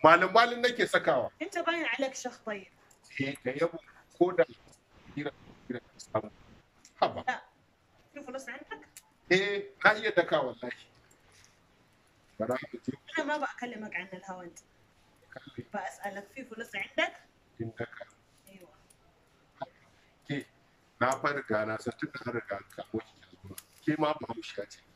malam malin nake sakawa ita bayan alak shekh tayyib eh da yabo ko da kira kira samu haba eh na iya daka wallahi bara ku ma ba ke na farga na da ka ma ba ce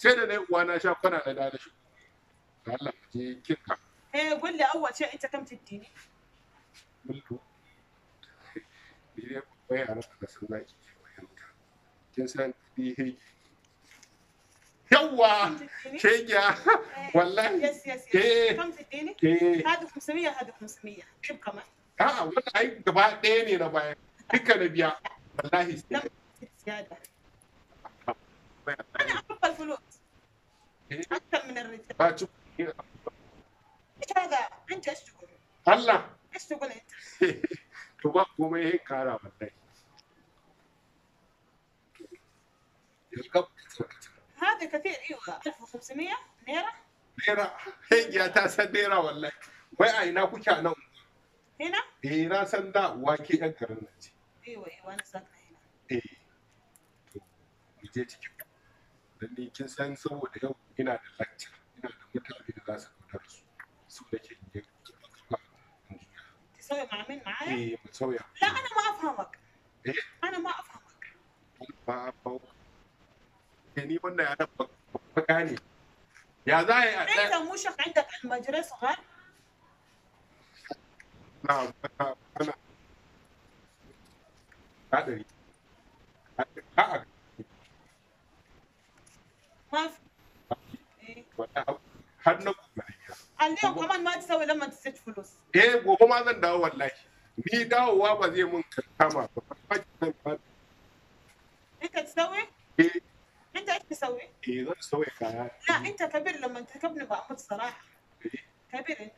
sai da na yi uwa na sha kwana na da shi ga Allah je kinka eh gulle awwa ce ita kam tiddini mulku dire bai a rasa san zaki fahimta kin san bi hege yawwa Kenya, eh, wallahi yes yes yes eh. kam tiddini eh. hadu 500 hadu 500 kib kaman a'a wannan ai gaba ɗaya ne na baya duka na biya wallahi sai فلوس إيه؟ اكثر من الرجال ايش هذا انت ايش تقول؟ هلا ايش تقول انت؟ تبقوا ما هي كارا والله يركب هذا كثير ايوه 1500 ليره ليره هي تاسد ليره والله وين اين كنت انا هنا؟ اي انا سندا واكي اكرنتي ايوه ايوه انا ساكنه هنا اي جيتك don ni kin san saboda yau ina da lecture ina da mutane da za su kuma su su da ke eh sauya eh? eh ni wannan ya ya yi ɗaya mu yau kaman ma fulus. Eh gobe ma zan dawo wallahi. Ni dawowa ba zai mun kama ba. ba. Ita tisawai? Eh. Ita ita tisawai? Eh zan kaya. Na kabir ta kabni ba mu eh.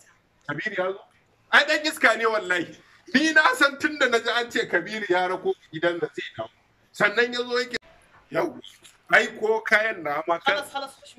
Kabir ya zo? Ai dan iska ne wallahi. Ni na san tun da na ji an ce Kabiru ya rako gidan da zai dawo. Sannan ya zo yake. Yau. Ai ko kayan na ma Halas halas kush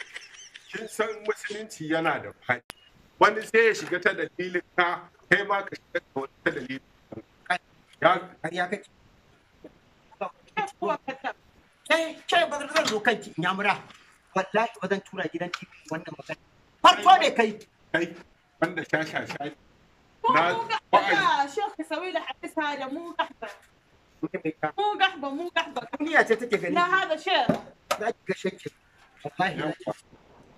kin san musulunci yana da faɗi wani sai ya shiga ta dalilin ka kai ma ka shiga ta wani ta dalilin ka. ya kake kai kai ba zan zo kanki in yamura wallahi ba zan tura gidan TV wannan magana farko ne kai kai wanda sha sha sha na wa'azi shekhi sawi da hadisa da mu gahba mu gahba mu gahba duniya ce take gani na hada shi. za ki ga shekhi wallahi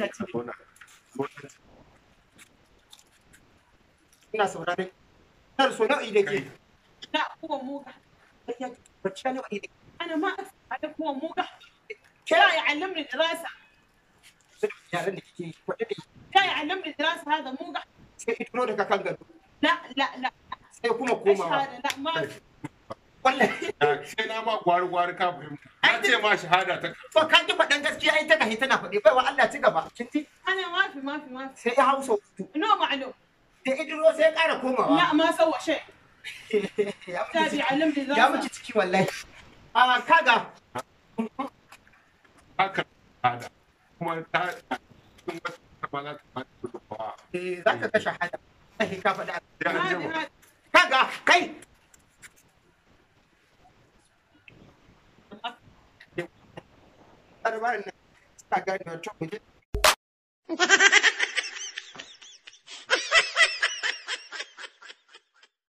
taxi bi ina saurare kar so na'i da ke na kuwa muga bacci na'i da ke ana ma a kuwa muga لا يعلمني دراسة لا يعلمني دراسة هذا مو قاعد لا لا لا سيكون كوما لا ما sai na ma gwari gwari ka fahimta na ce ma shahada ta to ka ki faɗan gaskiya ai ta kahi tana faɗi bai wa Allah ci gaba kin ji ana mafi mafi mafi sai ya hausa no ma'ano da idiro sai ya ƙara komawa na ma sawa she ya muke ciki wallahi a kaga haka hada kuma ta kuma za ta ba eh, ta za ka kashe hada ka faɗa kaga kai Sarah na Saga na Chomile